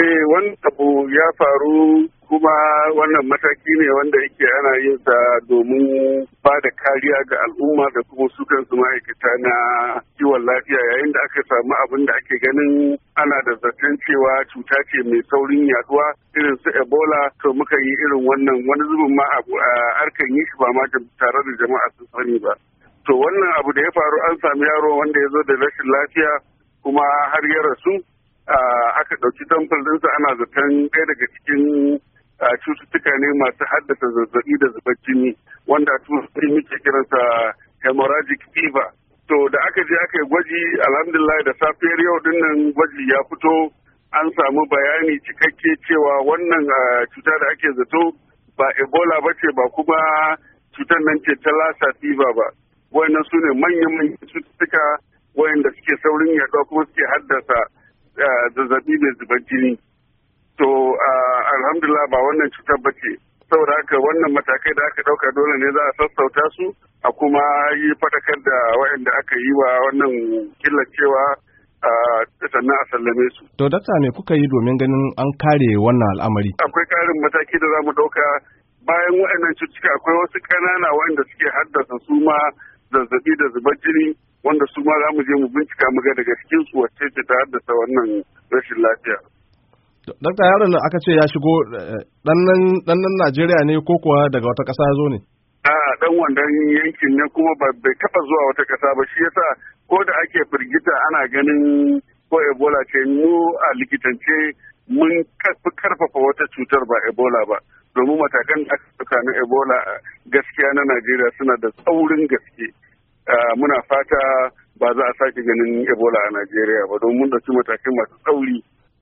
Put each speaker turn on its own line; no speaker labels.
Eh wani abu ya faru kuma wannan mataki ne wanda yake ana yin sa domin ba da kariya ga al'umma da kuma su kansu ma'aikata na kiwon lafiya yayin da aka samu abin da ake ganin ana da zaton cewa cuta ce mai saurin yaduwa irin su ebola to muka yi irin wannan wani zubin ma abu a harkar yi shi ba ma tare da jama'a sun sani ba to wannan abu da ya faru an sami yaro wanda ya zo da rashin lafiya kuma har ya rasu aka ɗauki damfar ɗinsa ana zaton ɗaya daga cikin cututtuka ne masu haddasa zazzabi da zubar jini wanda a turai muke kiransa hemorrhagic fever to da aka je aka yi gwaji alhamdulillah da safiyar yau dinnan gwaji ya fito an samu bayani cikakke cewa wannan cuta da ake zato ba ebola ba ce ba kuma cutar nan ce ta lasa fever ba wayannan su ne manyan manyan cututtuka wayanda suke saurin yaɗuwa kuma suke haddasa Eh, zazzabi mai zubar jini to alhamdulillah ba wannan cutar ba ce saboda haka wannan matakai da aka ɗauka dole ne za a sassauta su a kuma yi fatakar da waɗanda aka yi wa wannan killacewa sannan a sallame su. To dakta me kuka yi domin ganin an kare wannan al'amari? Akwai karin mataki da za mu ɗauka bayan waɗannan cutuka akwai wasu ƙanana waɗanda suke haddasa su ma zazzabi da zubar jini wanda su ma za mu je mu bincika mu ga daga cikin su wacce ce ta haddasa wannan rashin lafiya. Dokta yaron nan aka ce ya shigo eh, ɗan nan Najeriya ne ko kuwa daga wata ƙasa zo ne? A ɗan wannan yankin ne kuma bai kafa zuwa wata ƙasa ba shi yasa ko da ake firgita ana ganin ko Ebola ce mu a likitance mun fi karfafa wata cutar ba Ebola ba. Domin matakan da aka na Ebola eh, gaskiya na Najeriya suna da tsaurin gaske. Ah, muna fata ba za a sake ganin ebola a najeriya ba don mun ɗauki matakai masu tsauri